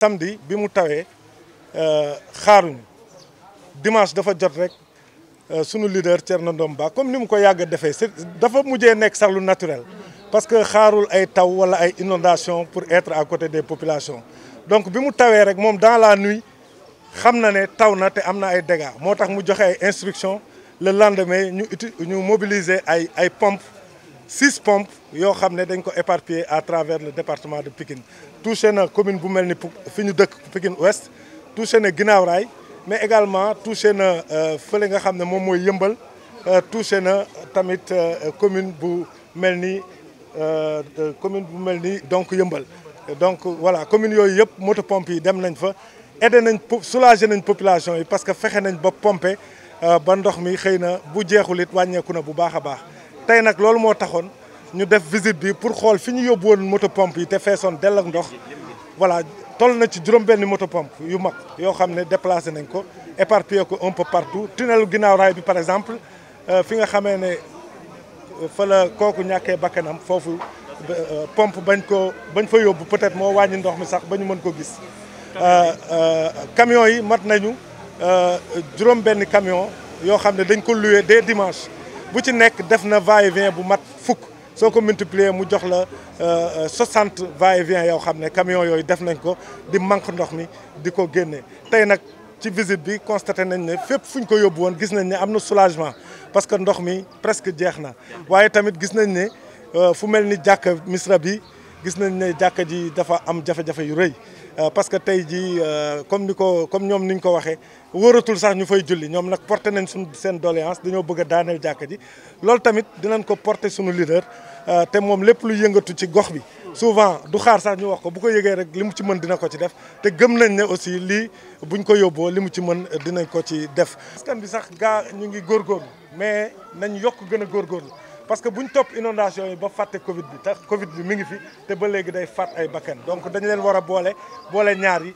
samedi bi mu euh xaruñ dimanche dafa jot rek euh, sunu leader Thierno Ndom comme nous nous ko yàgg a dafa mujjé nek sax naturel parce que xarul ay taw wala ay inondation pour être à côté des populations donc bi mu rek mom dans la nuit xamna né tawna té amna ay dégâts motax mu joxé le lendemain ñu ñu mobiliser ay ay pompes six pompes yoo xam ne dañ ko éparpillé à travers le département de Pikine touché na commune bu mel ni fi ñu dëkk Pikine Ouest touché na Guinaw Rail mais également touché na euh, fële nga xam ne moom mooy Yëmbal euh, touché na tamit euh, commune bu mel ni commune bu mel ni donc Yëmbal donc voilà commune yooyu yëpp moto pompe yi dem nañ fa aidé nañ soulagé nañ population yi parce que fexe nañ ba pompe ba ndox mi xëy na bu jeexul it wàññeeku na bu baax a baax tey nag loolu moo taxoon ñu def visite bi pour xol fi ñu yóbbu moto pompe yi te feesoon dell ak ndox voilà toll na ci juroom benn moto pompe yu mag yo xamné déplacer nañ ko éparpillé ko un peu partout tunnel ginnaaw raay bi par exemple euh, fi nga xamee ne euh, fa la kooku ñàkkee bakkanam foofu euh, pompe bañ ko bañ fa yóbbu peut-être mo wañi ndox mi sax bañu mën ko gis euh, euh, camion yi mat nañu euh, juroom benn camion yo xamné dañ ko louer dès dimanche bu ci nekk def na va et bu mat fukk soo ko multiplier mu jox la 60 euh, euh, va-et-vient yoo xam ne camion yooyu def nañ ko di manque ndox mi di ko génne tey nag ci visite bi constaté nañ ne fépp fu ñu ko yóbbu woon gis nañ ne am na soulagement parce que ndox mi presque jeex na waaye tamit gis nañ ne euh, fu mel ni jàkk Misra bi gis nañ ne jàkk ji dafa am jafe-jafe yu rëy Euh, parce que tey jii euh, comme ni ko comme ñoom ni ko waxee wóoratul sax ñu fay julli ñoom nag porté nañ suñu seen doléance dañoo bëgg a daaneel jàkka ji loolu tamit dinañ ko porté suñu leader euh, te moom lépp lu yëngatu ci gox bi souvent du xaar sax ñu wax ko bu ko yëgee rek li mu ci mën dina ko ci def te gëm nañ ne aussi lii buñ ko yóbboo li mu ci mën dinañ ko ci def askan bi sax gaa ñu ngi góor góor mi mais nañ yokk gën a la parce que bu top inondation yi ba faté Covid bi tax Covid bi mi ngi fi té ba légui day fat ay bakkan donc dañ leen wara bolé bolé ñaar yi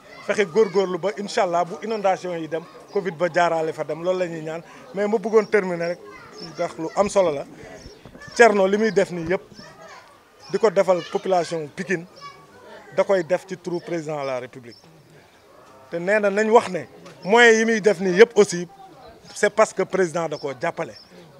gor gorlu ba inshallah bu inondation yi dem Covid ba jaaraale fa dem loolu lañuy ñaan mais ma bëggoon terminer rek ndax lu am solo la Thierno limuy def ni yépp diko defal population Pikine da koy def ci turu président de la République té néna nañ wax né moyen yi muy def ni yépp aussi c'est parce que président da koo